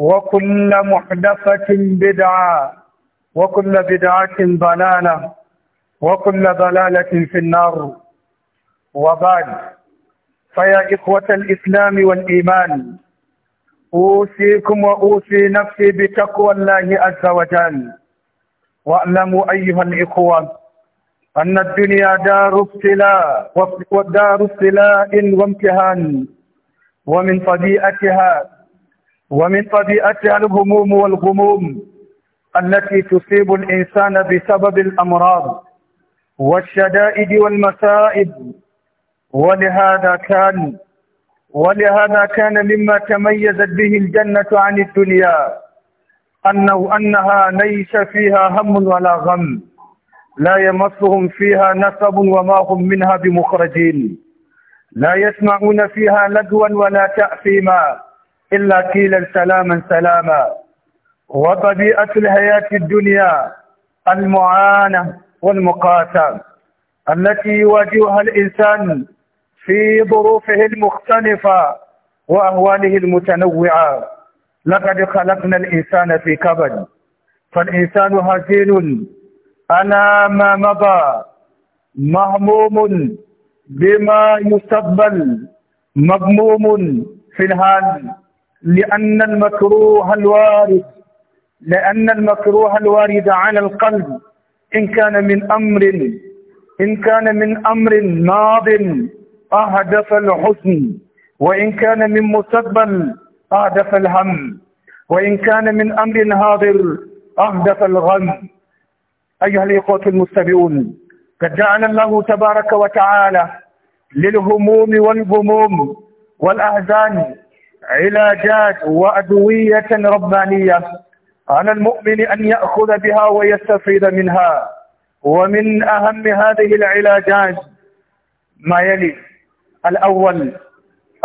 وكل محدثة بدعة وكل بدعة ضلالة وكل ضلالة في النار وبعد فيا إخوة الإسلام والإيمان أوصيكم وأوصي نفسي بتقوى الله عز وجل واعلموا أيها الإخوة أن الدنيا دار ابتلاء ودار ابتلاء وامتحان ومن طبيعتها ومن طبيعتها الهموم والغموم التي تصيب الإنسان بسبب الأمراض والشدائد والمسائب ولهذا كان ولهذا كان مما تميزت به الجنة عن الدنيا أنه أنها ليس فيها هم ولا غم لا يمسهم فيها نسب وما هم منها بمخرجين لا يسمعون فيها لدوا ولا تأثيما إلا قيلا سلاما سلاما وطبيعة الحياة الدنيا المعانة والمقاسة التي يواجهها الإنسان في ظروفه المختلفة وأهواله المتنوعة لقد خلقنا الإنسان في كبد فالإنسان هزيل على ما مضى مهموم بما يستقبل مغموم في الحال لأن المكروه الوارد لأن المكروه الوارد على القلب إن كان من أمر إن كان من أمر ماض أهدف الحسن وإن كان من مستقبل أهدف الهم وإن كان من أمر حاضر أهدف الغم أيها الإخوة المستمعون قد جعل الله تبارك وتعالى للهموم والغموم والأحزان علاجات وأدوية ربانية على المؤمن أن يأخذ بها ويستفيد منها ومن أهم هذه العلاجات ما يلي الأول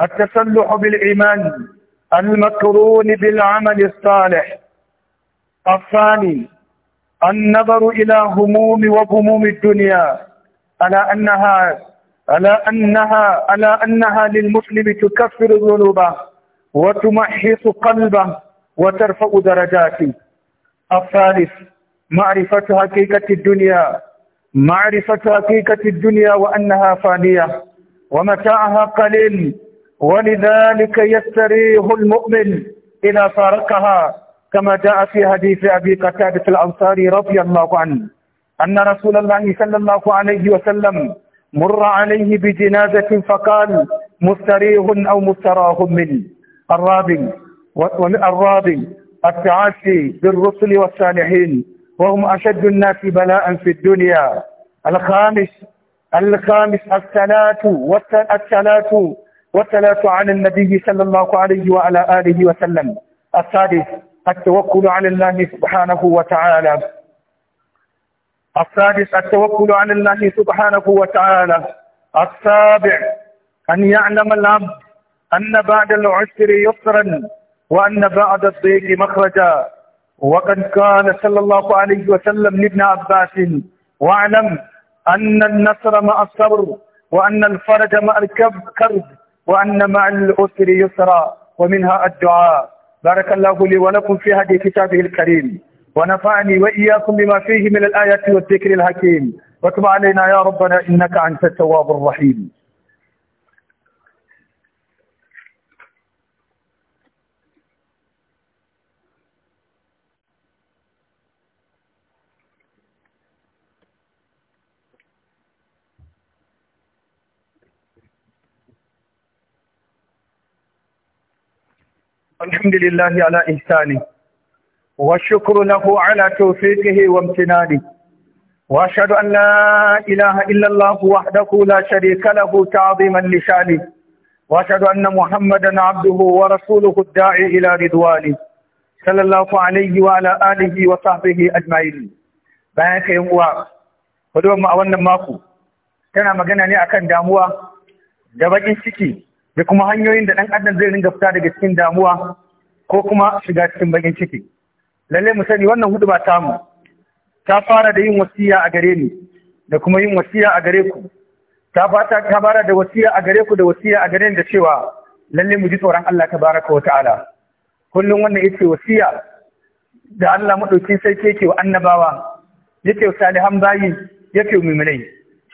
التسلح بالإيمان المكرون بالعمل الصالح الثاني النظر إلى هموم وغموم الدنيا على أنها على أنها على أنها للمسلم تكفر ذنوبه وتمحص قلبه وترفع درجاته الثالث معرفة حقيقة الدنيا معرفة حقيقة الدنيا وأنها فانية ومتاعها قليل ولذلك يستريح المؤمن إذا فارقها كما جاء في حديث أبي قتادة الأنصاري رضي الله عنه أن رسول الله صلى الله عليه وسلم مر عليه بجنازة فقال مستريح أو مستراه منه الرابع والرابع التعافي بالرسل والصالحين وهم أشد الناس بلاء في الدنيا الخامس الخامس الصلاة والصلاة والصلاة على النبي صلى الله عليه وعلى آله وسلم السادس التوكل على الله سبحانه وتعالى السادس التوكل على الله سبحانه وتعالى السابع أن يعلم العبد أن بعد العسر يسرا وأن بعد الضيق مخرجا وقد قال صلى الله عليه وسلم لابن عباس واعلم أن النصر مع الصبر وأن الفرج مع الكرب وأن مع العسر يسرا ومنها الدعاء بارك الله لي ولكم في هذه كتابه الكريم ونفعني وإياكم بما فيه من الآيات والذكر الحكيم وتب علينا يا ربنا إنك أنت التواب الرحيم الحمد لله على إحسانه والشكر له على توفيقه وامتنانه وأشهد أن لا إله إلا الله وحده لا شريك له تعظيما لشانه وأشهد أن محمدا عبده ورسوله الداعي إلى رضوانه صلى الله عليه وعلى آله وصحبه أجمعين بأنك يوم wadda ma a wannan mako tana magana ne akan damuwa da bakin ciki da kuma hanyoyin da ɗan adam zai ringa fita daga cikin damuwa ko kuma shiga cikin bakin ciki lalle mu sani wannan hudu ba tamu ta fara da yin wasiya a gare ni da kuma yin wasiya a gare ku ta fata ta fara da wasiya a gare ku da wasiya a gare ni da cewa lalle mu ji tsoron Allah baraka wa ta'ala kullum wannan yace wasiya da Allah madauki sai ke ke wa annabawa yake salihan bayi yake mu'minai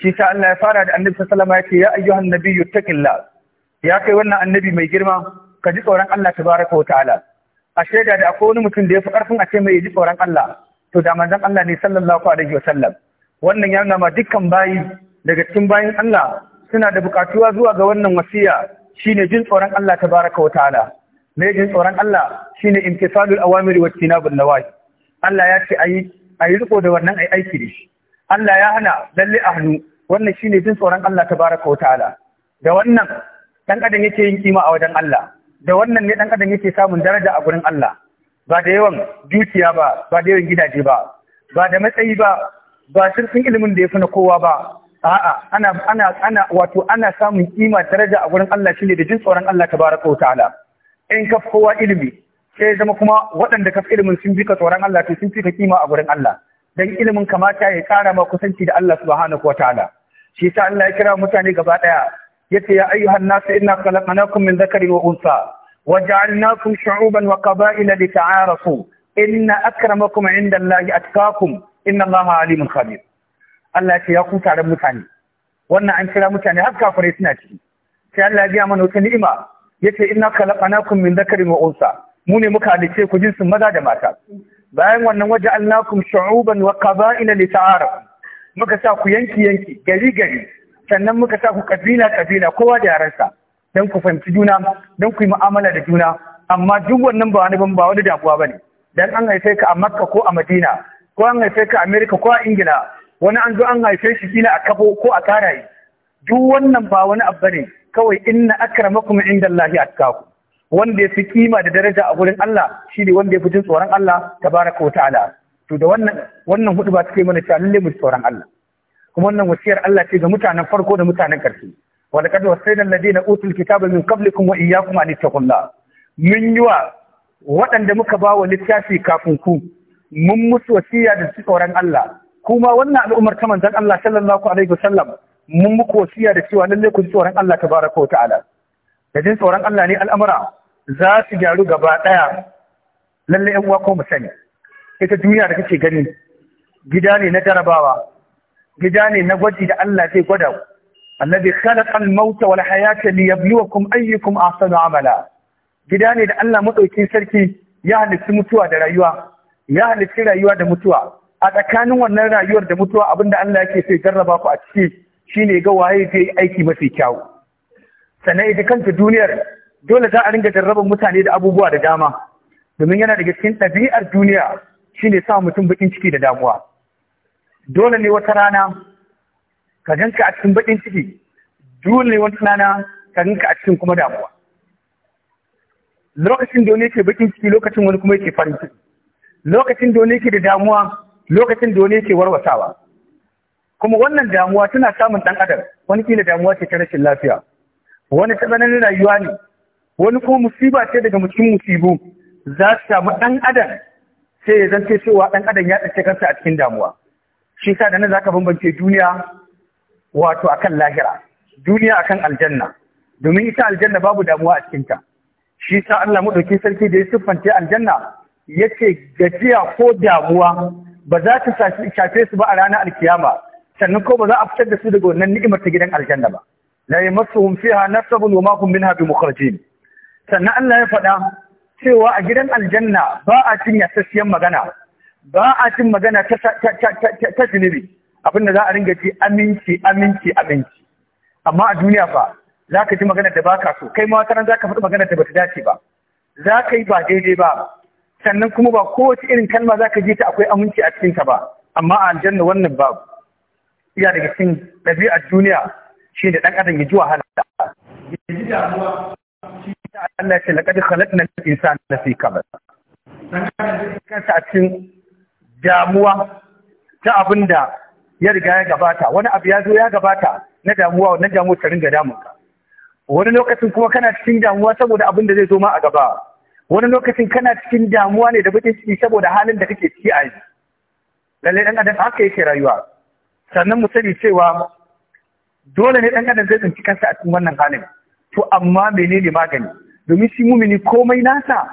shi ta Allah ya fara da annabi sallallahu alaihi wasallam yace ya ayyuhan nabiyyu taqillah ya kai wannan annabi mai girma ka ji tsoron Allah tabaraka wa ta'ala a shaida da akwai wani mutum da ya fi karfin a ce mai ji tsoron Allah to da manzon Allah ne sallallahu alaihi wa sallam wannan ya nuna dukkan bayi daga cikin bayin Allah suna da bukatuwa zuwa ga wannan wasiya shine jin tsoron Allah tabaraka wa ta'ala me jin tsoron Allah shine imtisalul awamiri wa tinabul nawahi Allah ya ce ayi ayi riko da wannan ayi aiki da shi Allah ya hana lalle ahnu wannan shine jin tsoron Allah tabaraka wa ta'ala da wannan dan adam yake yin kima a wajen Allah da wannan ne dan adam yake samun daraja a gurin Allah ba da yawan dukiya ba ba da yawan gidaje ba ba da matsayi ba ba shirkin ilimin da ya fi na kowa ba a'a ana ana ana wato ana samun kima daraja a gurin Allah shine da jin tsoron Allah tabaraka wa ta'ala in ka kowa ilimi sai zama kuma waɗanda ka ilimin sun bi ka tsoron Allah to sun fi ka kima a gurin Allah dan ilimin kamata ya kara ma kusanci da Allah subhanahu wa ta'ala shi ta Allah ya kira mutane gaba daya yace ya ayyuhan nas inna khalaqnakum min dhakarin wa unsa waja'alnakum shu'uban wa qaba'ila lita'arafu inna akramakum 'inda Allahi atqakum inna Allaha 'alimun khabir Allah ce ya ku taron mutane wannan an kira mutane har kafirai suna ciki sai Allah ya ga mana wata ni'ima yace inna khalaqnakum min dhakarin wa unsa mu ne muka halice ku jinsin maza da mata bayan wannan waje waja'alnakum shu'uban wa qaba'ila lita'arafu muka sa ku yanki yanki gari gari sannan muka sa ku kabila kabila kowa da yarensa don ku fahimci juna don ku yi mu'amala da juna amma duk wannan ba wani ba wani damuwa bane dan an haife ka a Makka ko a Madina ko an haife ka a America ko a Ingila wani an zo an haife shi kila a Kabo ko a Karayi duk wannan ba wani abu bane kawai inna akramakum indallahi atqakum wanda ya fi kima da daraja a gurin Allah shi ne wanda yafi jin tsoron Allah tabaraka wa ta'ala to da wannan wannan hudu ba ta kai mana cewa lalle mu tsoron Allah kuma wannan wasiyar Allah ce ga mutanen farko da mutanen ƙarshe wa laqad wasayna na utul kitaba min qablikum wa iyyakum an ittaqullah mun yi wa waɗanda muka ba wa littafi kafin ku mun musu wasiya da su tsoron Allah kuma wannan al'ummar ta manzon Allah sallallahu alaihi wasallam mun muku wasiya da cewa lalle ku ji tsoron Allah tabaraka wa ta'ala da jin tsoron Allah ne al'amura za su gyaru gaba ɗaya lalle ‘yan uwa ko mu sani ita duniya da kake gani gida ne na jarabawa gida ne na gwaji da Allah zai gwada ku annabi khalaqal mauta wal hayata liyabluwakum ayyukum ahsanu amala gida ne da Allah madaukin sarki ya halitta mutuwa da rayuwa ya halitta rayuwa da mutuwa a tsakanin wannan rayuwar da mutuwa abinda Allah yake so ya jarraba ku a ciki shine ga waye zai aiki mafi kyau sannan ita kanta duniyar dole za a ringa jarraban mutane da abubuwa da dama domin yana daga cikin ɗabi'ar duniya shine sa mutum bakin ciki da damuwa dole ne wata rana ka ganka a cikin baƙin ciki dole ne wata rana ka ganka a cikin kuma damuwa lokacin da wani yake baƙin ciki lokacin wani kuma yake farin ciki lokacin da wani yake da damuwa lokacin da wani yake warwasawa kuma wannan damuwa tana samun ɗan adam wani kila damuwa ce ta rashin lafiya wani ta tsananin rayuwa ne wani kuma musiba ce daga cikin musibu za su samu ɗan adam sai ya zance cewa ɗan adam ya tsace kansa a cikin damuwa shi sa da nan zaka bambance duniya wato akan lahira duniya akan aljanna domin ita aljanna babu damuwa a cikinta shi sa Allah madauki sarki da ya siffanta aljanna yace gajiya ko damuwa ba za ta shafe su ba a ranar alkiyama sannan ko ba za a fitar da su daga wannan ni'imar gidan aljanna ba la yamassuhum fiha nasabun wa ma hum minha bimukhrajin sannan Allah ya faɗa cewa a gidan aljanna ba a cinye sassiyar magana ba a cin magana ta zunubi abin za a ringa ci aminci aminci aminci amma a duniya fa za ka ji magana da baka so kai ma wata za ka faɗi magana da bata dace ba za ka yi ba daidai ba sannan kuma ba kowace irin kalma za ka ji ta akwai aminci a cikin ka ba amma a aljanna wannan babu iya daga cikin ɗabi'ar duniya shi da ɗan adam ya ji wahala ya ji damuwa Allah ya ce laqad na al-insana fi kabad kansa a cikin damuwa ta abin da ya riga ya gabata wani abu ya zo ya gabata na damuwa wannan damuwa ta ringa damunka wani lokacin kuma kana cikin damuwa saboda abin da zai zo ma a gaba wani lokacin kana cikin damuwa ne da bakin ciki saboda halin da kake ciki a yanzu lallai dan adam haka yake rayuwa sannan mu sani cewa dole ne ɗan adam zai tsinci kansa a cikin wannan halin to amma menene magani domin shi mumini komai nasa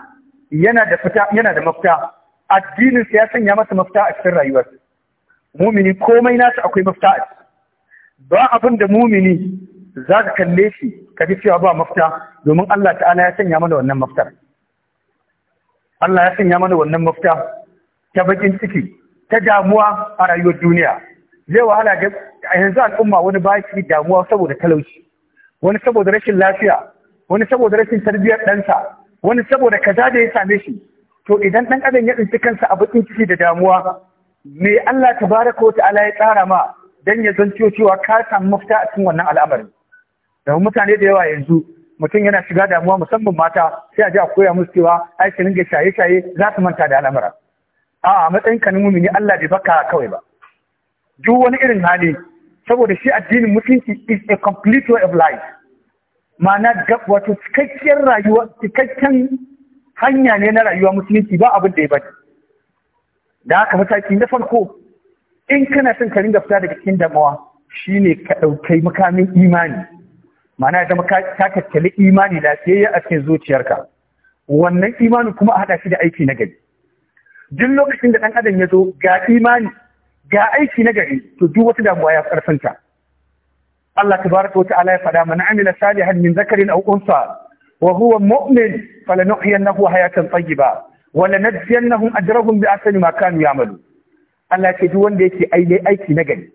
yana da fita yana da mafita Addinin sa ya sanya masa mafita a cikin rayuwarsa mumini komai nasa akwai mafita a ba abin da mumini za ka kalle shi ka ji cewa ba mafita domin Allah ta'ala ya sanya mana wannan mafita Allah ya sanya mana wannan mafita ta bakin ciki ta damuwa a rayuwar duniya zai wahala ga a yanzu al'umma wani ba shi damuwa saboda talauci wani saboda rashin lafiya wani saboda rashin tarbiyyar ɗansa wani saboda kaza da ya same shi to idan ɗan adam ya tsinci kansa a bakin ciki da damuwa me Allah ta tabaraka wa ta'ala ya tsara ma dan ya zanto cewa ka samu mafita a cikin wannan al'amari da mutane da yawa yanzu mutum yana shiga damuwa musamman mata sai a ji a koya musu cewa ai ki ringa shaye shaye za su manta da alamara a a matsayin kanin na mumini Allah bai baka kawai ba duk wani irin hali saboda shi addinin mutunci is a complete way of life ma'ana wato cikakkiyar rayuwa cikakken hanya ne na rayuwa musulunci ba abin da ya bane da haka mataki na farko in kana son ka ringa fita daga cikin damuwa ne ka ɗaukai makamin imani mana da ka tattali imani lafiyayye a cikin zuciyarka wannan imanin kuma a haɗa shi da aiki na gari duk lokacin da ɗan adam ya zo ga imani ga aiki na gari to duk wata damuwa ya ƙarfinta. Allah tabaraka wa ta'ala ya faɗa mana Amina, salihan min zakarin aw unsa wa huwa mu'min falanuhyiyannahu hayatan tayyiba wa lanajziyannahum ajrahum bi ahsani ma kanu ya'malu Allah ce duk wanda yake aile aiki na gari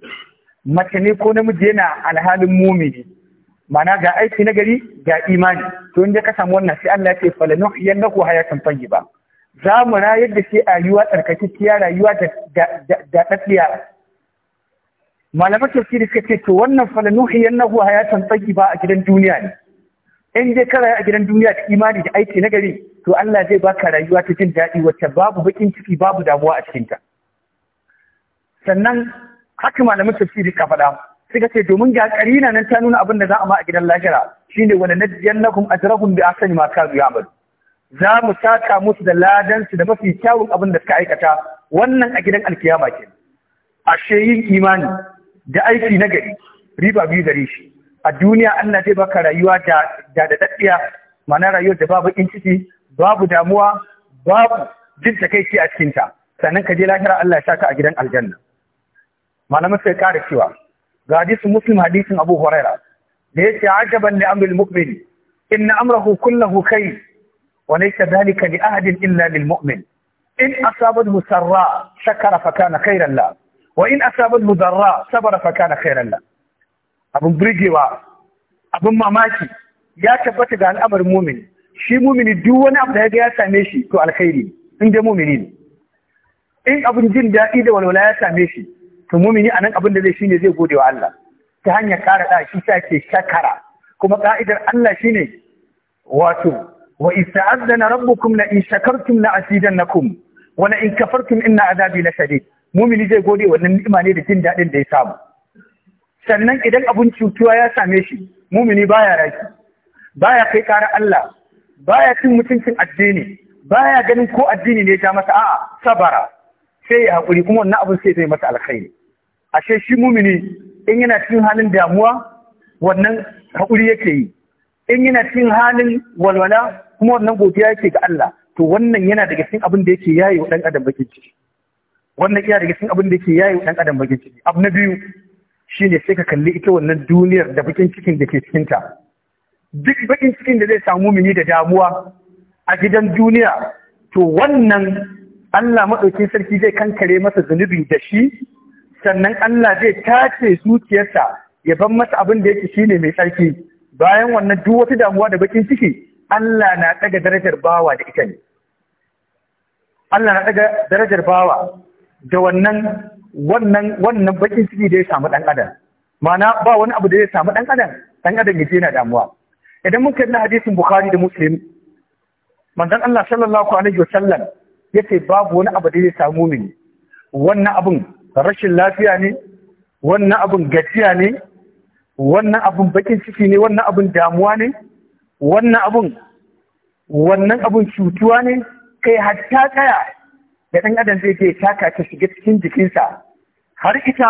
mace ne ko namiji yana alhalin mumini mana ga aiki na gari ga imani to inda ka samu wannan sai Allah ya ce falanuhyiyannahu hayatan tayyiba za mu rayar da shi a rayuwa tsarkakakkiya rayuwa da malama ce shi suka ce to wannan falanuhi yannahu hayatan tayyiba a gidan duniya ne in dai ka rayu a gidan duniya da imani da aiki na gari to Allah zai baka rayuwa ta jin daɗi wacce babu bakin ciki babu damuwa a cikinta sannan haka malamin tafsiri ka faɗa suka ce domin ga na nan ta nuna abin da za a ma a gidan lahira shine wala najjannakum ajrahum bi ahsani ma kanu ya'malu za mu saka musu da ladan su da mafi kyawun abin da suka aikata wannan a gidan alkiyama ke ashe yin imani da aiki na gari riba biyu gare shi a duniya Allah zai baka rayuwa da da daddiya mana rayuwar da babu in ciki babu damuwa babu jin takeici a cikin ta sannan ka je lahira Allah ya saka a gidan aljanna malamin sai kare cewa ga hadisin muslim hadisin abu huraira da yace ajaban li amril mu'min in amrahu kullahu khair wa laysa dhalika li ahadin illa lil mu'min in asabathu sarra shakara fa kana khairan la wa in asabathu darra sabara fa kana khairan la abin burgewa abin mamaki ya tabbata ga al'amarin mumini shi mumini duk wani abu da ya ga ya same shi to alkhairi in dai mumini ne in abin jin daɗi da walwala ya same shi to mumini anan abin da zai shine zai gode wa Allah ta hanyar ƙara da shi ke shakara kuma ka'idar Allah shine wato wa ista'adana rabbukum la in shakartum la asidannakum wa la in kafartum inna azabi la shadid mumini zai gode wannan ni'ima ne da jin daɗin da ya samu sannan idan abin cutuwa ya same shi mumini baya raki baya kai ƙara Allah baya cin mutuncin addini baya ganin ko addini ne ta masa a'a sabara sai ya haƙuri kuma wannan abin sai zai masa alkhairi ashe shi mumini in yana cikin halin damuwa wannan haƙuri yake yi in yana cikin halin walwala kuma wannan godiya yake ga Allah to wannan yana daga cikin abin da yake yayi wa dan adam bakin ciki wannan yana daga cikin abin da yake yayi wa dan adam bakin ciki abu na biyu shine sai ka kalli ita wannan duniyar da bakin cikin da ke cikinta duk bakin cikin da zai samu mini da damuwa a gidan duniya to wannan Allah maɗaukin sarki zai kankare masa zunubi da shi sannan Allah zai tace zuciyarsa ya ban masa abin da yake shine mai tsarki bayan wannan duk wata damuwa da bakin ciki Allah na ɗaga darajar bawa da ita ne Allah na ɗaga darajar bawa da wannan wannan wannan bakin ciki da ya samu dan adam mana ba wani abu da ya samu dan adam dan adam yaje yana damuwa idan mun kalli hadisin bukhari da muslim manzon Allah sallallahu alaihi ya yace babu wani abu da ya samu mumini wannan abun rashin lafiya ne wannan abun gajiya ne wannan abun bakin ciki ne wannan abun damuwa ne wannan abun wannan abun cutuwa ne kai hatta tsaya da ɗan adam zai je taka ta shiga cikin jikinsa har ita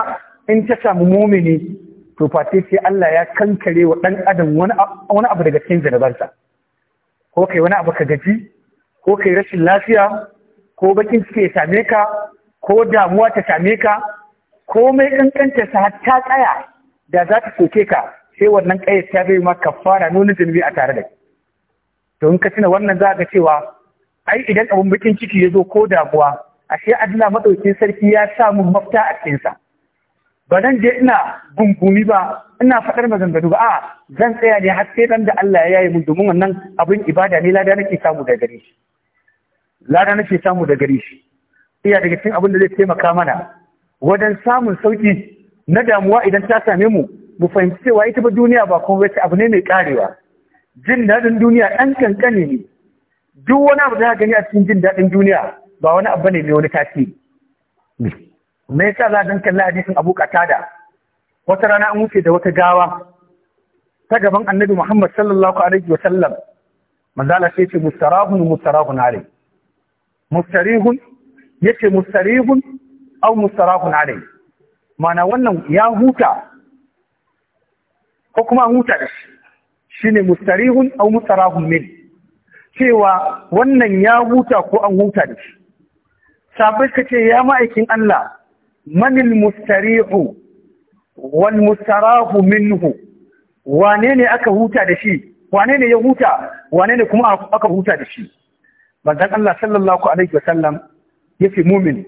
in ta samu mumini to fate sai Allah ya kankare wa ɗan adam wani abu daga cikin zanabarsa ko kai wani abu ka gaji ko kai rashin lafiya ko bakin ciki ya same ka ko damuwa ta same ka ko mai kankanta sa ta tsaya da za ta soke ka sai wannan ƙayar ta bai ma kafara nuna zunubi a tare da to in ka tuna wannan za ga cewa ai idan abin bakin ciki ya zo ko damuwa ashe adina madaukin sarki ya sa mun mafita a cikin sa ba zan je ina gungumi ba ina faɗar maganganu ba a zan tsaya ne har sai dan da Allah ya yi mun domin wannan abin ibada ne lada nake samu da gare shi lada nake samu da gare shi iya daga cikin abin da zai taimaka mana wajen samun sauki na damuwa idan ta same mu mu fahimci cewa ita ba duniya ba kuma wace abu ne mai karewa jin daɗin duniya ɗan kankane ne duk wani abu da ka gani a cikin jin daɗin duniya ba wani abu ne mai wani tasiri me yasa za dan kalla hadisin Abu Qatada wata rana an wuce da wata gawa ta gaban Annabi Muhammad sallallahu alaihi wa sallam manzala sai ce mustarahun mustarahun alai mustarihun yace mustarihun au mustarahun alai mana wannan ya huta ko kuma an huta da shi shine mustarihun au mustarahun min cewa wannan ya huta ko an huta da shi sabai ka ce ya ma'aikin Allah manil mustarihu wal mustarahu minhu wane ne aka huta da shi wane ne ya huta wane ne kuma aka huta da shi bazan Allah sallallahu alaihi wasallam fi mumin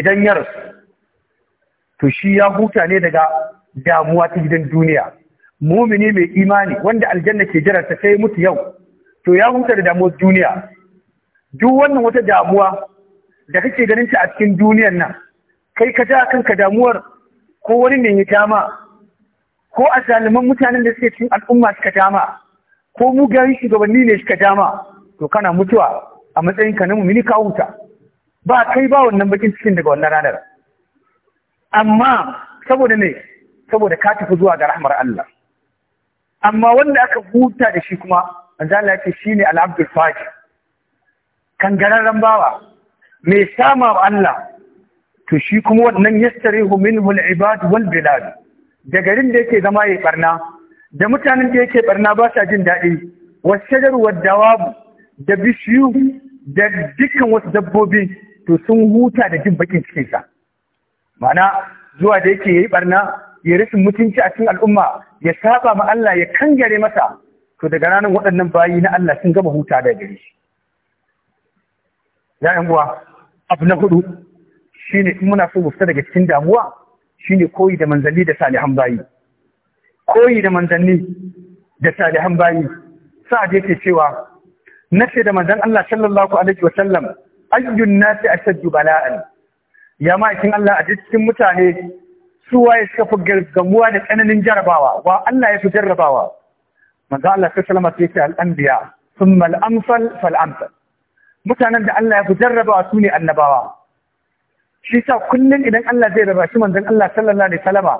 idan ya rasu to shi ya huta ne daga damuwa ta gidan duniya mumini mai imani wanda aljanna ke ta sai mutu yau to ya huta da damuwar duniya duk wannan wata damuwa da kake ganin ta a cikin duniyar nan kai ka ja kanka damuwar ko wani mai ya ko a zaliman mutanen da suke cikin al'umma suka dama ko mugayen shugabanni ne suka dama to kana mutuwa a matsayin na mumini ka huta ba kai ba wannan bakin cikin daga wannan ranar amma saboda ne saboda ka tafi zuwa ga rahmar Allah amma wanda aka huta da shi kuma manzo Allah ya ce shine al-abdul faqir kangararren bawa mai sama wa Allah to shi kuma wannan yastarihu minhu al-ibad wal bilad da garin da yake zama yayi ɓarna, da mutanen da yake barna ba sa jin daɗi wasajar wadawabu da bishiyu da dukkan wasu dabbobi to sun huta da jin bakin cikinsa Mana zuwa da yake yayi barna ya rashin mutunci a cikin al'umma ya saba ma Allah ya kangare masa to daga ranar waɗannan bayi na Allah sun gama huta da gari. shi ya yan uwa abu na hudu shi ne muna so mu fita daga cikin damuwa shine koyi da manzanni da salihan bayi koyi da manzanni da salihan bayi sa'ad yake cewa nace da manzan Allah sallallahu alaihi wa sallam ayyun nasi ashaddu bala'an ya ma'aikin Allah a cikin mutane su waye suka fi gamuwa da tsananin jarabawa wa Allah ya fi jarabawa manzan Allah sallallahu alaihi wa sallam sai ce al-anbiya thumma al-amsal fal-amsal mutanen da Allah ya fi jarrabawa su ne annabawa shi sa kullum idan Allah zai raba shi manzon Allah sallallahu alaihi salama,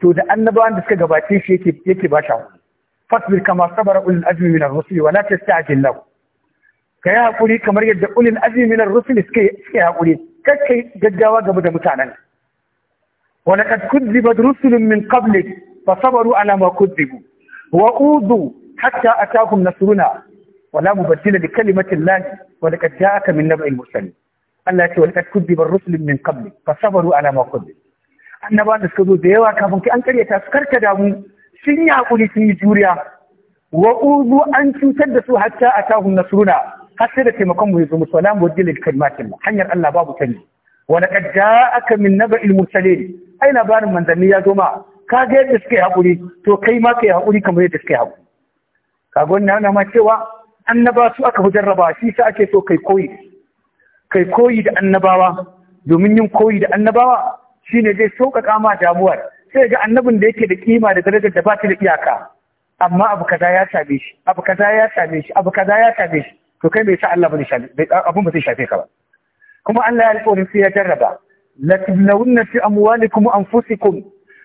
to da annabawan da suka gabace shi yake yake ba shi fasbir kama sabara ulul azmi min ar-rusul a la tasta'jil Ka yi hakuri kamar yadda ulul azmi min suke rusul suka suka hakuri kakkai gaggawa gaba da mutanen wa laqad kudzibat rusulun min qablik fasabaru ala ma kudzibu wa udu hatta atahum nasruna wala mubaddila li kalimatillahi wa laqad ja'aka min naba'il mursalin Allah ya ce wani kad kuddiba rusulun min qabli fa sabaru ala ma kuddib annaba da suka zo da yawa kafin kai an karyata su karka damu sun yi hakuri sun yi juriya wa uzu an cutar da su hatta atahum nasruna har sai da taimakon mu yazo musu wala mubaddila li hanyar Allah babu canji wa laqad ja'aka min naba'il mursalin ai labarin manzanni ya zo ma ka ga yadda suka yi hakuri to kai ma ka yi hakuri kamar yadda suka yi hakuri kaga wannan yana ma cewa annaba su aka fi jarraba shi sa ake so kai koyi kai koyi da annabawa domin yin koyi da annabawa shine zai sauƙaƙa ma damuwar sai ga annabin da yake da kima da darajar da ba ta da iyaka amma abu kaza ya same shi abu kaza ya same shi abu kaza ya same shi to kai bai sa Allah bane shafe abun ba zai shafe ka ba kuma Allah ya alƙawarin sai ya jarraba la tublawunna fi amwalikum wa anfusikum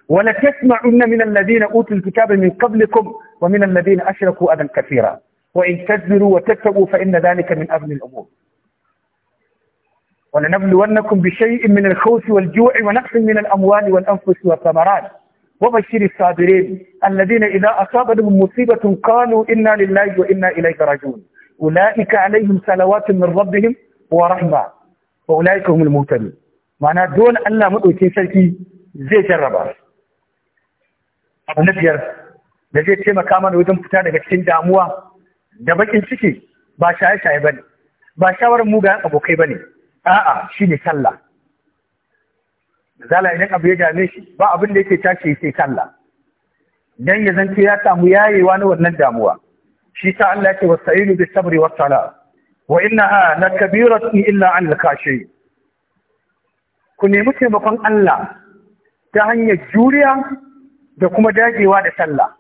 wa la tasma'unna min alladhina utul kitaba min qablikum wa min alladhina ashraku adan kathira وإن تصبروا وتتقوا فإن ذلك من أغنى الأمور ولنبلونكم بشيء من الخوف والجوع ونقص من الأموال والأنفس والثمرات وبشر الصابرين الذين إذا أصابتهم مصيبة قالوا إنا لله وإنا إليه راجعون أولئك عليهم صلوات من ربهم ورحمة وأولئك هم المهتدون معنى دون أن لا مؤتي سلكي زي جربا أبو نبير da zai taimaka ويدم wajen fita daga cikin da bakin ciki ba shaye-shaye ba ne ba shawarar mugayen abokai ba ne a'a shi ne sallah zala idan abu ya dame shi ba abin da yake tashi sai sallah dan ya zance ya samu yayewa na wannan damuwa shi ta Allah ya ce wasta'inu bis sabri was sala wa Kabiru lakabiratun illa an lakashi ku nemi taimakon Allah ta hanyar juriya da kuma dagewa da sallah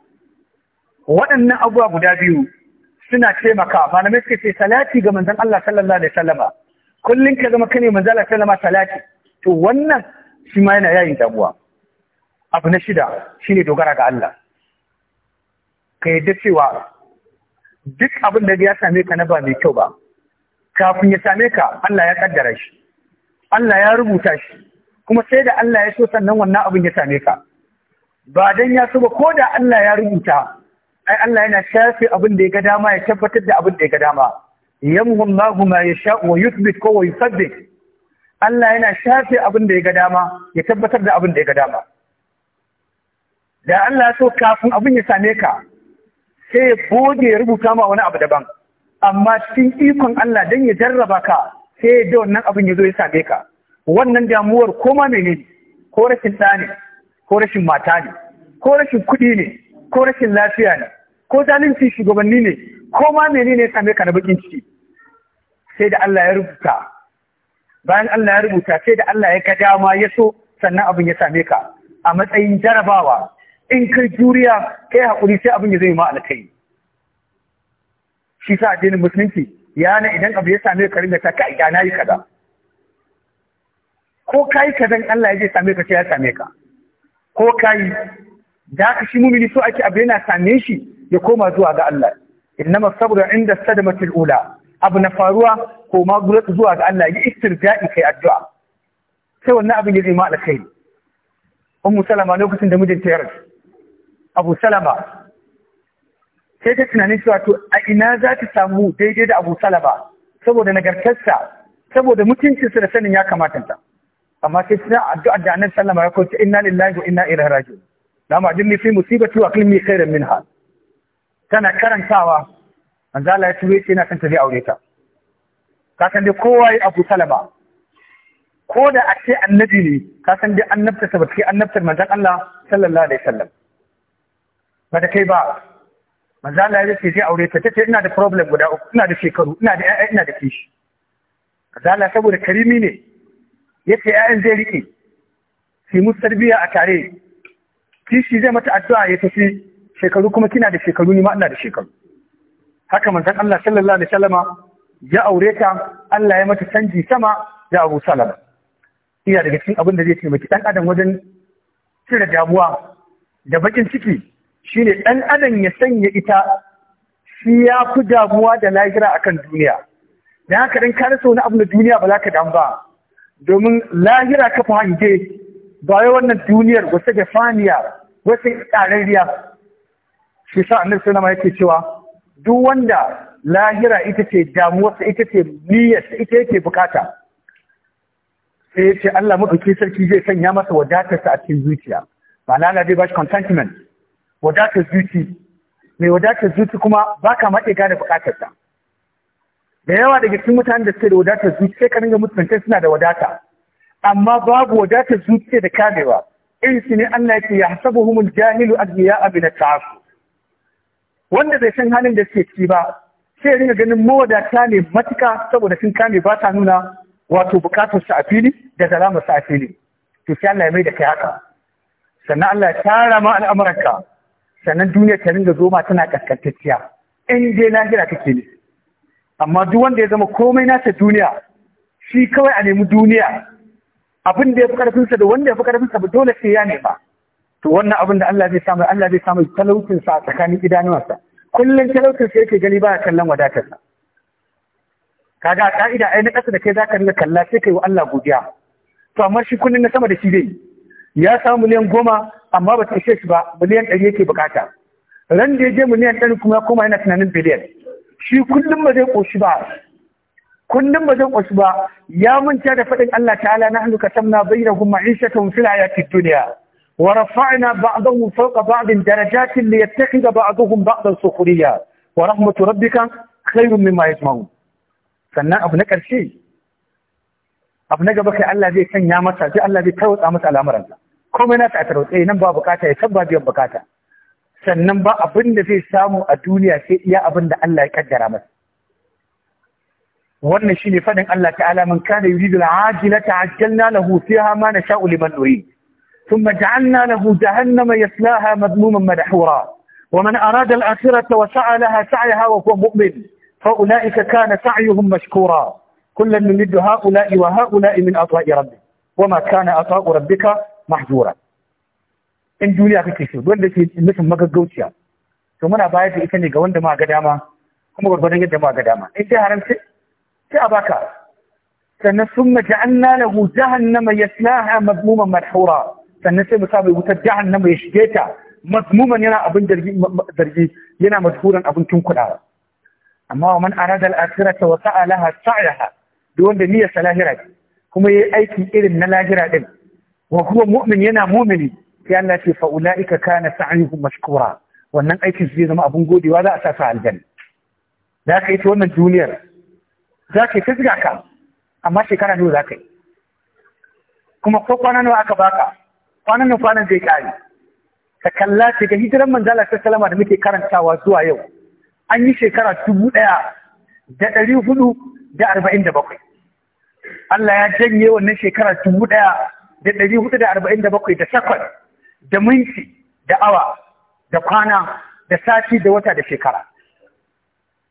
waɗannan abubuwa guda biyu suna taimaka malamai suka ce salati ga manzon Allah sallallahu alaihi wasallama kullun ka zama kane manzon Allah wasallama salati to wannan shi ma yana yayin damuwa abu na shida shine dogara ga Allah ka yadda cewa duk abin da ya same ka na ba mai kyau ba kafin ya same ka Allah ya kaddara shi Allah ya rubuta shi kuma sai da Allah ya so sannan wannan abin ya same ka ba dan ya so ba ko da Allah ya rubuta ai Allah yana shafe abin da ya ga dama ya tabbatar da abin da ya ga dama yamhu Allahu ma yasha wa yuthbit ko wa yusaddiq Allah yana shafe abin da ya ga dama ya tabbatar da abin da ya ga dama da Allah so kafin abin ya same ka sai ya goge ya rubuta ma wani abu daban amma cikin ikon Allah dan ya jarraba ka sai da wannan abin ya zo ya same ka wannan damuwar koma menene ko rashin ɗa ne ko rashin mata ne ko rashin kuɗi ne ko rashin lafiya ne ko zalunci shugabanni ne ko ma menene ya same ka na bakin ciki sai da Allah ya rubuta bayan Allah ya rubuta sai da Allah ya ga dama ya so sannan abin ya same ka a matsayin jarabawa in kai juriya kai haƙuri sai abin ya zai ma alkai shi sa addinin musulunci ya na idan abu ya same ka ringa ta ka ya yi kaza ko kai kazan Allah ya je same ka sai ya same ka ko kai da ka shi mumini so ake abu yana same shi ya koma zuwa ga Allah innama sabru inda sadmatil ula abu na faruwa koma zuwa ga Allah ya istirja'i kai addu'a sai wannan abin ya zama alkhairi ummu salama lokacin da mijinta ya rasu abu salama sai ta tunanin cewa to a ina za ta samu daidai da abu salama saboda nagartarsa saboda mutuncinsa da sanin ya kamata ta amma sai suna addu'ar da annabi sallama ya kawo inna lillahi wa inna ilaihi raji'un lama ajinni fi musibati wa aqlimni khairan minha tana karantawa manzo Allah ya ture yana san ta zai aure ta ka san dai kowa ya Abu Salama ko da a ce annabi ne ka san dai annabta ta bace annabtar manzon Allah sallallahu alaihi wasallam bata kai ba manzo Allah ya ce zai aure ta tace ina da problem guda uku ina da shekaru ina da ƴaƴa ina da kishi manzo Allah saboda karimi ne yace ƴaƴan zai rike su musu tarbiya a tare kishi zai mata addu'a ya tafi shekaru kuma kina da shekaru ni ma ina da shekaru haka manzon Allah sallallahu alaihi wasallama ya aure ta Allah ya mata canji sama da Abu Salama iya daga cikin abin da zai taimaki ɗan adam wajen cire damuwa da bakin ciki shine ɗan adam ya sanya ita shi ya fi damuwa da lahira a kan duniya da haka dan ka rasa wani abu na duniya ba za ka damu ba domin lahira ka fa ba wai wannan duniyar wasu da faniya wasu ƙarariya shi sa annabi sallama yake cewa duk wanda lahira ita ce damuwarsa ita ce niyyarsa ita yake bukata sai ce Allah madauki sarki zai sanya masa wadatarsa a cikin zuciya ma'ana Allah zai bashi contentment wadatar zuci mai wadatar zuci kuma baka ma gane bukatarsa da yawa daga cikin mutanen da suke da wadatar zuci sai kanin ga mutunta suna da wadata amma babu wadatar zuci da kamewa irin su ne Allah yake ya hasabuhumul jahilu adliya abin ta'af wanda zai san halin da suke ciki ba sai ya ringa ganin mawadata ne matuka saboda sun kame ba ta nuna wato bukatar su a fili da zalamar su a fili to sai Allah ya mai da kai haka sannan Allah ya tara ma al'amuranka sannan duniya ta ringa zoma tana kaskantacciya in dai lahira kake ne amma duk wanda ya zama komai nasa duniya shi kawai a nemi duniya abin da ya fi karfinsa da wanda ya fi karfinsa ba dole sai ya nema to wannan abin da Allah zai samu Allah zai samu talaucin sa tsakanin idanuwansa kullun talaucin sa yake gani ba kallon wadatar sa kaga ka'ida ai na kasa da kai ka rinka kalla sai kai wa Allah godiya to amma shi kullun na sama da shi dai ya samu miliyan goma amma ba ta ishe shi ba miliyan ɗari yake bukata ran da ya je miliyan ɗari kuma ya koma yana tunanin biliyan shi kullum ba zai ƙoshi ba kullum ba zai ƙoshi ba ya manta da faɗin Allah ta'ala na hannu ka samna bayyana kuma aisha ta fil hayatid duniya ورفعنا بعضهم فوق بعض درجات ليتخذ بعضهم بعضا سخريا ورحمة ربك خير مما يجمعون sannan abu na ƙarshe abu na gaba kai Allah zai sanya masa sai Allah zai tarwatsa masa al'amuransa komai na ta tarwatsa nan ba bukata ya tabba biyan bukata sannan ba abin zai samu a duniya sai iya abinda da Allah ya kaddara masa wannan shine fadin Allah ta'ala man kana na al'ajila ta'ajjalna lahu fiha ma nasha'u liman nurid ثم جعلنا له جهنم يسلاها مذموما مدحورا ومن أراد الآخرة وسعى لها سعيها وهو مؤمن فأولئك كان سعيهم مشكورا كلا نمد هؤلاء وهؤلاء من أطاء ربك وما كان أطاء ربك محجورا إن جوليا في كيسو دول لكي مثل مقا يا ثم أنا بايد إثني ما دماء قداما هم قد بدنك دماء قداما إيه هرم سي سي أباكا ثم جعلنا له جهنم يسلاها مذموما مدحورا sannan sai mu sa mai wutar jahannama ya shige ta mazmuman yana abin zargi yana mazhuran abincin tunkuɗawa amma wa man arada al-akhirata wa sa'a laha sa'yaha da wanda niyyar sa lahira kuma yayi aiki irin na lahira din wa huwa mu'min yana mu'mini sai Allah ce fa ulaika kana sa'yuhum mashkura wannan aikin zai zama abin godewa za a sa su aljanna za ka yi ta wannan duniyar za ka yi ta ka amma shekara nawa za ka yi kuma ko kwana nawa aka baka kwanan nan kwanan zai kare ka kalla ce ga hijiran manzala ta salama da muke karantawa zuwa yau an yi shekara dubu ɗaya da ɗari hudu da arba'in da bakwai Allah ya janye wannan shekara dubu ɗaya da ɗari hudu da arba'in da bakwai da sakon da minti da awa da kwana da sati da wata da shekara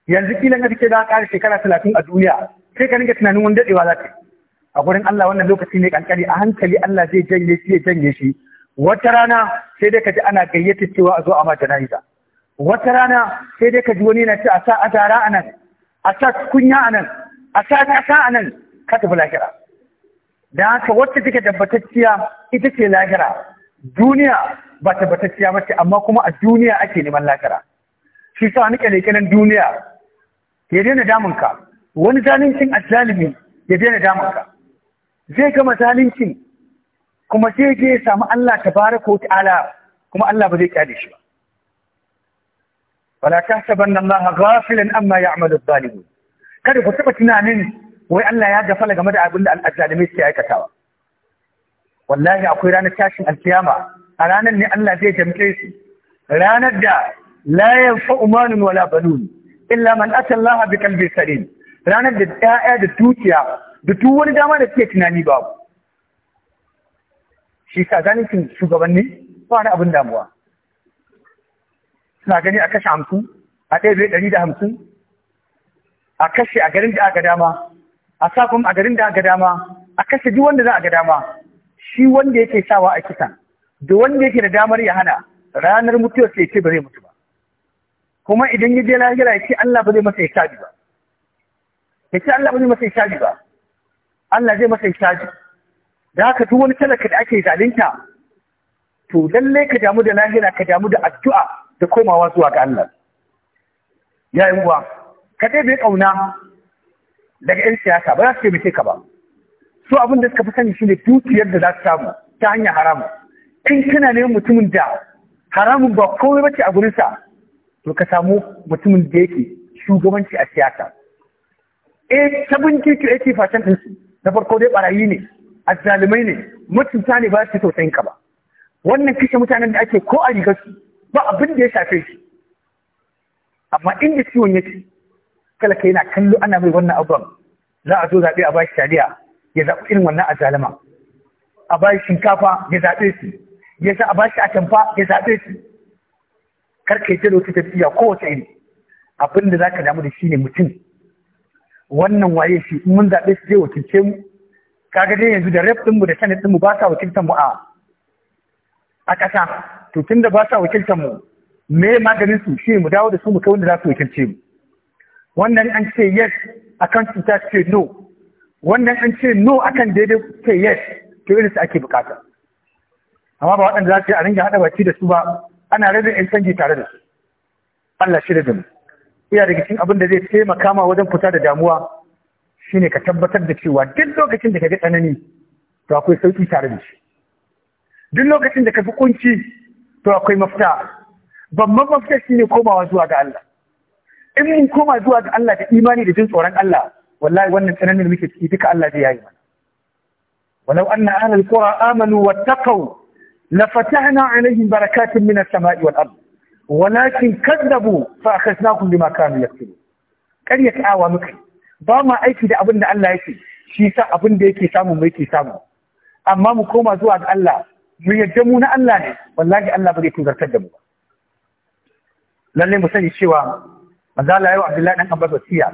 yanzu kilan ga take za a ƙara shekara talatin a duniya sai ka ringa tunanin wani daɗewa za ta yi a gurin Allah wannan lokaci ne kankani a hankali Allah zai janye shi ya janye shi wata rana sai dai kaji ana gayyata cewa a zo a ma jana'iza wata rana sai dai kaji wani na ce a sa azara a nan a sa kunya a nan a sa kasa a nan ka tafi lahira da haka wacce take tabbatacciya ita ce lahira duniya ba tabbatacciya ba ce amma kuma a duniya ake neman lahira shi sa wani kenan duniya ya daina damunka wani zalincin azzalimi ya daina damunka zai gama zaluncin, kuma zai je ya samu Allah tabaraka wa ta'ala kuma Allah ba zai kyale shi ba wala tahsabanna Allah ghafilan amma ya adh-dhalimun kada ku taba tunanin wai Allah ya gafala game da abin da al-azzalimai suke aikatawa wallahi akwai ranar tashin alkiyama a ranar ne Allah zai jamke su ranar da la yanfa'u malun wala banun illa man ata Allah bi qalbin salim ranar da 'ya'ya da dukiya da duk wani dama da suke tunani babu shi sa zalincin shugabanni ba wani abin damuwa suna gani a kashe hamsin a ɗaya biyar ɗari da hamsin a kashe a garin da aka dama a safin a garin da aka dama a kashe duk wanda za a ga dama shi wanda yake sawa a kisan da wanda yake da damar ya hana ranar mutuwar sai ce ba zai mutu ba kuma idan ya je lahira ya ce Allah ba zai masa hisabi ba ya ce Allah ba zai masa hisabi ba Allah zai masa hisabi da haka duk wani talaka da ake zalunta to lalle ka damu da lahira ka damu da addu'a da komawa zuwa ga Allah ya yi uwa ka dai bai kauna daga 'yan siyasa ba za su taimake ka ba su abin da suka fi sani shine dukiyar da za su samu ta hanyar haramun in kana neman mutumin da haramun ba komai bace a gurinsa to ka samu mutumin da yake shugabanci a siyasa eh sabon kirki yake fatan ɗinsu na farko dai barayi ne azzalumai ne mutunta ne ba su tausayin ka ba wannan kashe mutanen da ake ko a rigar su ba abin da ya shafe shi amma inda ciwon yake talaka yana kallo ana mai wannan abban za a zo zaɓe a bashi shari'a, ya zaɓi irin wannan azzaluma a bashi shinkafa ya zaɓe su ya za a bashi atamfa ya zaɓe su karka yi ta tafiya kowace iri abin da za ka damu da shi ne mutum wannan waye shi mun zaɓe su je wakilce mu kaga dai yanzu da rep ɗinmu da senate ɗinmu ba sa wakiltar mu a a ƙasa to da ba sa wakiltar mu me maganin su shi mu dawo da su mu kai wanda za su wakilce mu wannan an ce yes akan cuta ce no wannan an ce no akan daidai ce yes to irin su ake bukata amma ba waɗanda za su yi a ringa haɗa baki da su ba ana rabin 'yan canji tare da su Allah shi da mu iya daga cikin abin da zai taimaka ma wajen fita da damuwa shine ka tabbatar da cewa duk lokacin da ka ji tsanani to akwai sauki tare da shi duk lokacin da ka fi kunci to akwai mafita babban mafita shine komawa zuwa ga Allah in mun koma zuwa ga Allah da imani da jin tsoron Allah wallahi wannan tsananin da muke ciki duka Allah zai yayi mana walau anna ahlul qura amanu wattaqu lafatahna alaihim barakatun minas sama'i wal ardh walakin kaddabu fa akhasnakum bima kanu yaktubun karya ta'awa muka ba ma aiki da abin da Allah yake shi sa abin da yake samu mu yake samu amma mu koma zuwa ga Allah mu yadda mu na Allah ne wallahi Allah ba zai tuzartar da mu ba lalle mu sani cewa manzo Allah Abdullahi dan Abbas wasiya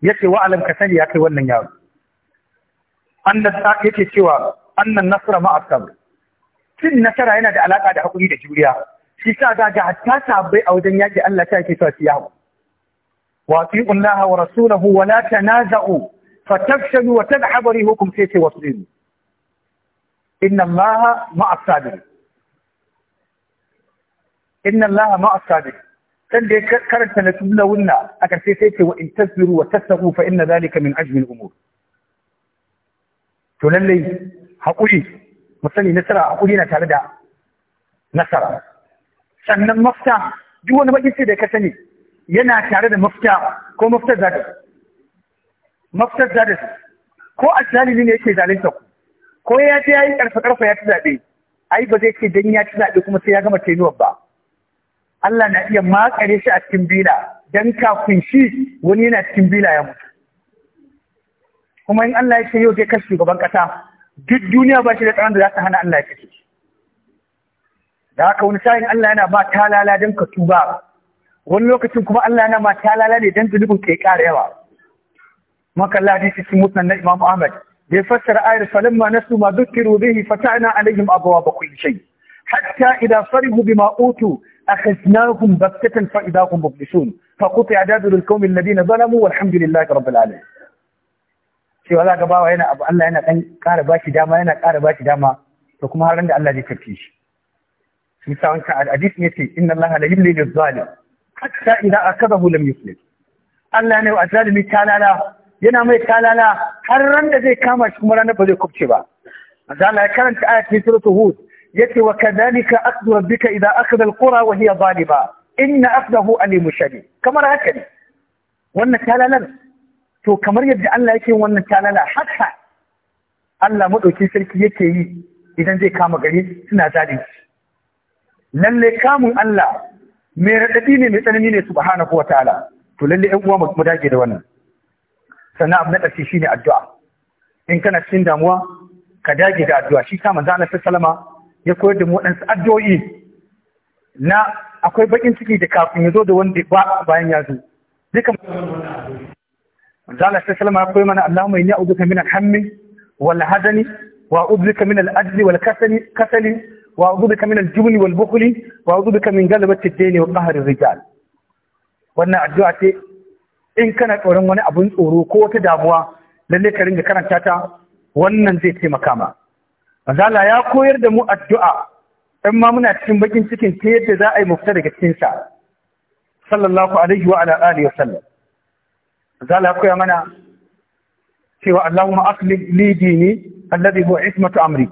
yace wa ka sani ya kai wannan yaro annan yake cewa annan nasra ma'a sabr cin nasara yana da alaka da hakuri da juriya shi sa ga ga hatta sabai a wajen yaki Allah ta yake cewa yawo wa atiqu Allah wa rasulahu wa la tanaza'u fatafshalu wa tadhhabu rihukum sai ce wasbiru inna Allah ma'a sabirin inna Allah ma'a sabirin dan da ya karanta na tubla wunna a ƙarshe sai ce wa in tasbiru wa tattaqu fa inna zalika min ajmi al-umur to lallai haƙuri mu sani nasara haƙuri na tare da nasara sannan mafita duk wani bakin da ka sani yana tare da mafita ko mafta zada su su ko a ne yake zalunta ku ko ya je ya yi karfa karfa ya ci zaɓe ai ba zai ce dan ya ci zaɓe kuma sai ya gama tenuwar ba Allah na iya makare shi a cikin bila dan kafin shi wani yana cikin bila ya mutu kuma in Allah ya ce yau zai kashe shugaban kasa duk duniya ba shi da tsaron da za ta hana Allah ya kashe shi da haka wani sa'in Allah yana ma talala don ka tuba wani lokacin kuma Allah yana ma talala ne don zunubin ka ya ƙara yawa maka Allah hadisi cikin na Imam Ahmad da ya fassara ayar falamma nasu ma dhukiru bihi fata'na alaihim ba kulli shay hatta idan farihu bima utu akhadnahum baktatan fa idza hum mublisun fa quti'a dadaru alqawmi na zalamu walhamdulillahi rabbil alamin cewa za ga bawa yana abu Allah yana ƙara ba shi dama yana ƙara shi dama to kuma har da Allah zai tafi shi shi sa wanka hadisi yace inna allaha la yumli lil zalim hatta idza akabahu lam yuflih Allah ne wa zalimi talala yana mai talala har ran da zai kama shi kuma ranar ba zai kubce ba manzo Allah ya karanta ayatin suratul hud yace wa kadhalika akhdhu rabbika idza akhadha alqura wa hiya zalima inna akhdahu alimu shadid kamar haka ne wannan talalar to kamar yadda Allah yake wannan talala haka Allah madaukin sarki yake yi idan zai kama gari suna zalunci lalle kamun Allah mai raɗaɗi ne mai tsanani ne subhanahu wa ta'ala to lalle ɗan uwa mu dage da wannan sannan abu na ƙarshe shine addu'a in kana cikin damuwa ka dage da addu'a shi ka manzo Allah sallama ya koyar da mu waɗansu addu'o'i na akwai bakin ciki da kafin ya zo da wanda ba bayan ya zo duka manzo Allah sallama ya koyar mana Allahumma inni a'udhuka min al-hammi wal hazani wa a'udhuka min al-ajzi wal kasali وأعوذ بك من الجبن والبخل وأعوذ بك من غلبة الدين وقهر الرجال wannan addu'a ce in kana tsoron wani abun tsoro ko wata damuwa lalle ka ringa karanta ta wannan zai taimaka ma manzala ya koyar da mu addu'a in ma muna cikin bakin cikin ta yadda za a yi mafita daga cikin sa sallallahu alaihi wa ala alihi wasallam manzala ya koya mana cewa Allahumma aslih li dini alladhi huwa ismatu amri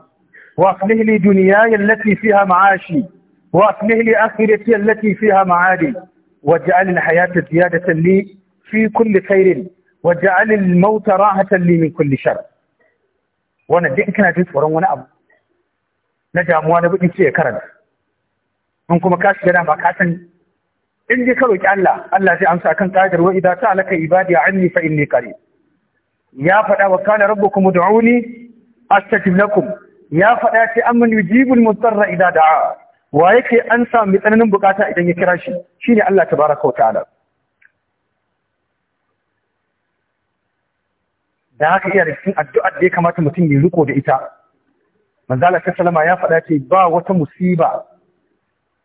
وأصلح لي دنياي التي فيها معاشي وأصلح لي آخرتي التي فيها معادي واجعل الحياة زيادة لي في كل خير واجعل الموت راحة لي من كل شر wannan duk kana jin tsoron wani abu na damuwa na bukin ce ya karanta in kuma ka shiga dama ka in je ka roki Allah Allah zai amsa akan qadar wa idza ta'alaka ibadi anni fa inni qarib ya faɗa wa kana rabbukum ud'uni astajib lakum ya faɗa ce amman yujibul mutarra idza da'a wa yake an sami tsananin bukata idan ya kira shi ne, Allah baraka wa ta'ala da haka iya da cikin addu'ar da ya kamata mutum ya riko da ita manzala ta salama ya faɗa ce ba wata musiba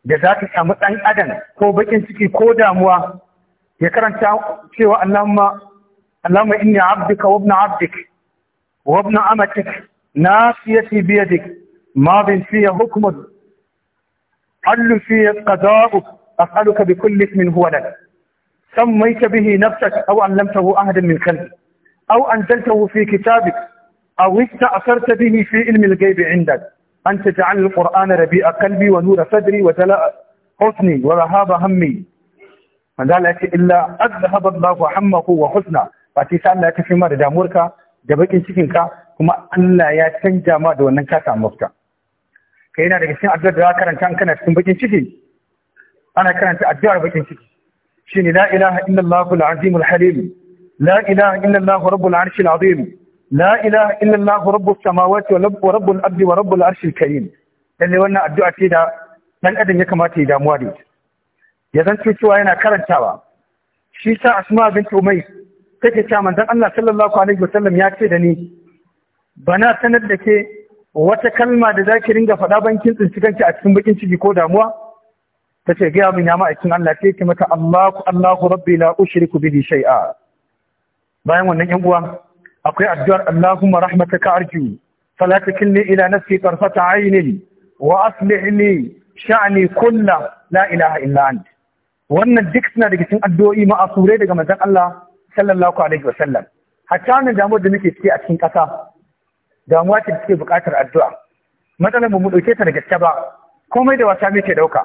da za ta samu ɗan adam ko bakin ciki ko damuwa ya karanta cewa Allahumma Allahumma inni abduka wa ibn abdik wa ibn amatik في بيدك ماض في حكمك حل في قضاءك أسألك بكل اسم هو لك سميت به نفسك أو علمته أحدا من خلقك أو أنزلته في كتابك أو استأثرت به في علم الغيب عندك أن تجعل القرآن ربيع قلبي ونور صدري وجلاء حسني ورهاب همي فذلك إلا أذهب الله همه وحسنه فأتي سألنا كفي مرة دامورك دبكين انتكينك kuma Allah ya canja ma da wannan kasa samu mafita yi yana daga cikin addu'ar da za karanta an kana cikin bakin ciki ana karanta addu'ar bakin ciki shine la ilaha illallah al-azim al-halim la ilaha illallah rabbul arsh al-azim la ilaha illallah rabbus samawati wa rabbul ardi wa rabbul arsh karim lalle wannan addu'a ce da dan adam ya kamata ya damuwa da ita ya zanto cewa yana karantawa shi sa asma binti umay take cewa manzon Allah sallallahu alaihi Sallam ya ce da ni bana sanar da ke wata kalma da zaki ringa faɗa ban kin tsinci a cikin bakin ciki ko damuwa Ta ce gaya min ya ma a cikin Allah sai ki mata Allahu Allahu rabbi la ushriku bihi shay'a bayan wannan yan uwa akwai addu'ar Allahumma rahmataka arju fala takilni ila nafsi tarfata aynin wa aslih li sha'ni kullu la ilaha illa ant wannan duk suna daga cikin addu'o'i ma'asurai daga manzon Allah sallallahu alaihi wasallam hatta nan da nake ciki a cikin ƙasa damuwa ce da take buƙatar addu'a matsalar mu mu ɗauke ta da gaske ba komai da wasa muke ɗauka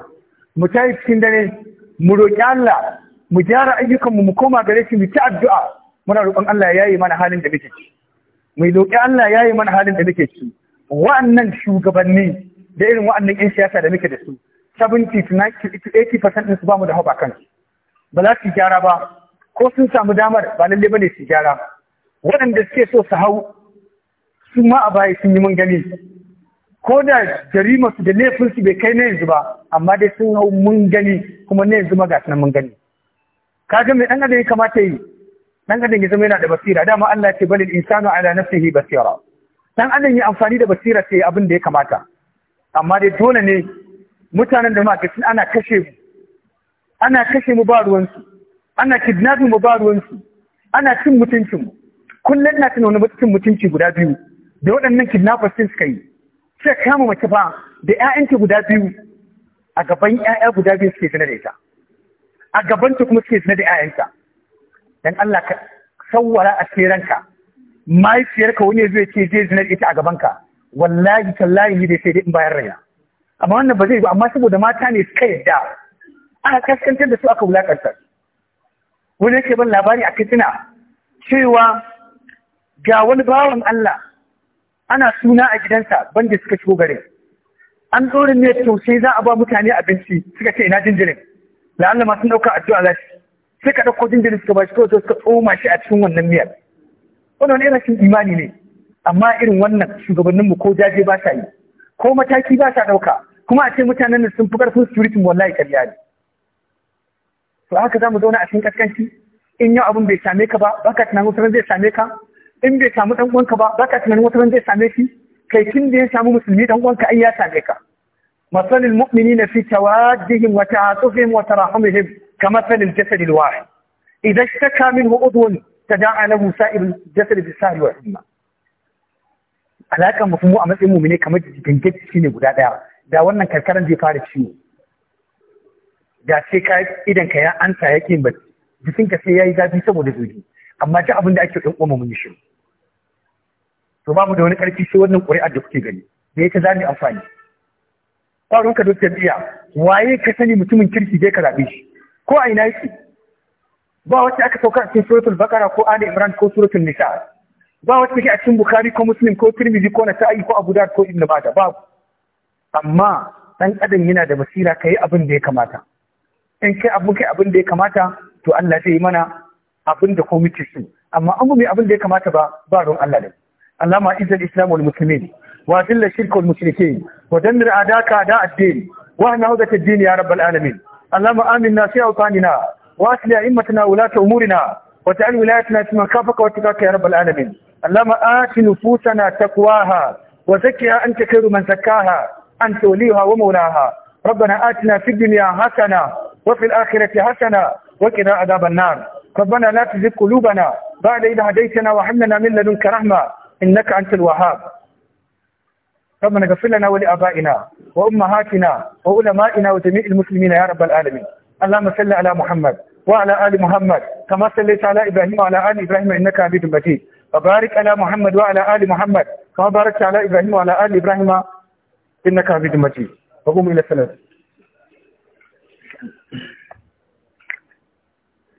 mu tayi cikin dare mu roƙi Allah mu gyara ayyukan mu mu koma gare shi mu ci addu'a muna roƙon Allah ya yi mana halin da muke ciki mu roƙi Allah ya yi mana halin da muke ciki wa'annan shugabanni da irin wa'annan 'yan siyasa da muke da su 70 to 80% ɗin su ba mu da haɓa kansu ba za su gyara ba ko sun samu damar ba lalle ne su gyara waɗanda suke so su hau sun ma a baya sun yi mun gani ko da jarima su da laifin su bai kai na yanzu ba amma dai sun hau mun gani kuma na yanzu ma ga nan mun gani kaga mai ɗan adam ya kamata yi ɗan adam ya zama yana da basira dama Allah ya ce balil insanu ala nafsihi basira ɗan adam ya amfani da basira sai abin da ya kamata amma dai dole ne mutanen da muka sun ana kashe mu ana kashe mu ba ruwansu ana kidnapping mu ba ruwansu ana cin mutuncin mu kullum na tunanin cin mutuncin guda biyu da waɗannan kidnappers suka yi sai kama mace fa da ƴaƴanta guda biyu a gaban ƴaƴa guda biyu suke zina da ita a gabanta kuma suke zina da ƴaƴanta dan Allah ka sawwara a ranka mahaifiyarka wani zai ce zai zina da ita a gabanka wallahi tallahi ni dai sai dai in bayar raina amma wannan ba zai ba amma saboda mata ne suka yadda aka kaskantar da su aka wulakantar wani yake ban labari a katsina cewa ga wani bawan Allah ana suna a gidansa banda suka shigo garin an tsorin ne to sai za a ba mutane abinci suka ce ina jinjirin la'alla ma sun dauka addu'a za Sai ka dauko jinjirin suka ba shi kawai suka tsoma shi a cikin wannan miyar wannan wani rashin imani ne amma irin wannan shugabannin mu ko jaje ba sa yi ko mataki ba sa dauka kuma a ce mutanen nan sun fi karfin security wallahi kariya ne to haka za mu zauna a cikin kaskanci in yau abin bai same ka ba baka tunanin wasu zai same ka in bai samu dan uwanka ba ba ka tunanin wata ran zai same shi kai tun da ya samu musulmi dan uwanka ai ya same ka masalul mu'minina fi tawaddihim wa ta'atufihim wa tarahumihim kamasalil jasad al-wahid idan shtaka minhu udwun tada'a lahu sa'ir jasad bi-sahri wa himma alaƙar mu mu a matsayin mumine kamar gangan shi ne guda ɗaya da wannan karkaran zai fara ciwo da sai ka idan ka ya ansa ya ƙin ba jikinka sai ya yi zafi saboda zuci amma ta abin da ake ɗan ƙoma mun shiru to ba mu da wani ƙarfi sai wannan ƙuri'ar da kuke gani da yake za mu amfani ƙwarin ka dokta biya waye ka sani mutumin kirki zai ka zaɓe shi ko a ina yake ba wacce aka sauka a cikin suratul bakara ko ali imran ko suratul nisa ba wacce take a cikin bukari ko muslim ko tirmidhi ko nasa'i ko abu ko ibnu majah ba amma dan adam yana da basira kai abin da ya kamata in kai abu kai abin da ya kamata to Allah zai yi mana abin da komai ke so amma an mu abin da ya kamata ba ba ruwan Allah ne اللهم اعز الإسلام والمسلمين وأذل الشرك والمشركين ودمر أعداءك أعداء الدين واهنا هدى الدين يا رب العالمين اللهم آمنا في أوطاننا وأصل أئمتنا ولاة أمورنا وجعل ولايتنا في خافك واتقاك يا رب العالمين اللهم آت نفوسنا تقواها وزكها أنت خير من زكاها أنت وليها ومولاها ربنا آتنا في الدنيا حسنة وفي الآخرة حسنة وقنا عذاب النار ربنا لا تزغ قلوبنا بعد إذا هديتنا وهب لنا من لدنك رحمة إنك أنت الوهاب ربنا اغفر لنا ولآبائنا وأمهاتنا وعلمائنا وجميع المسلمين يا رب العالمين اللهم صل على محمد وعلى آل محمد كما صليت على إبراهيم وعلى آل إبراهيم إنك حميد مجيد وبارك على محمد وعلى آل محمد كما باركت على إبراهيم وعلى آل إبراهيم إنك حميد مجيد وقوم إلى الصلاة